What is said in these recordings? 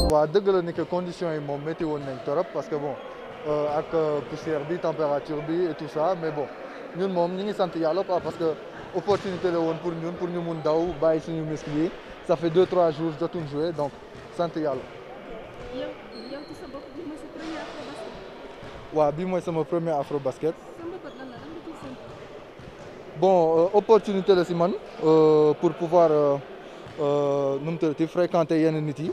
wa la ni que conditions yi moom parce que bon euh, ak euh, poussière bi température bi et tout ça mais bon nous sommes ñi ngi sant parce que opportunité la woon pour nous pour nous mun daw bàyyi suñu muscle yi ça fait 2-3 jours tout jouer donc sant yàlla. yow yow ci mon premier afro basket. premier afro bon euh, opportunité de si euh, pour pouvoir euh, mu fréquenter yenn nit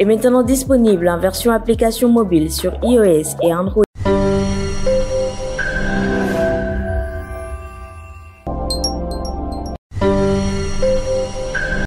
est maintenant disponible en version application mobile sur iOS et Android.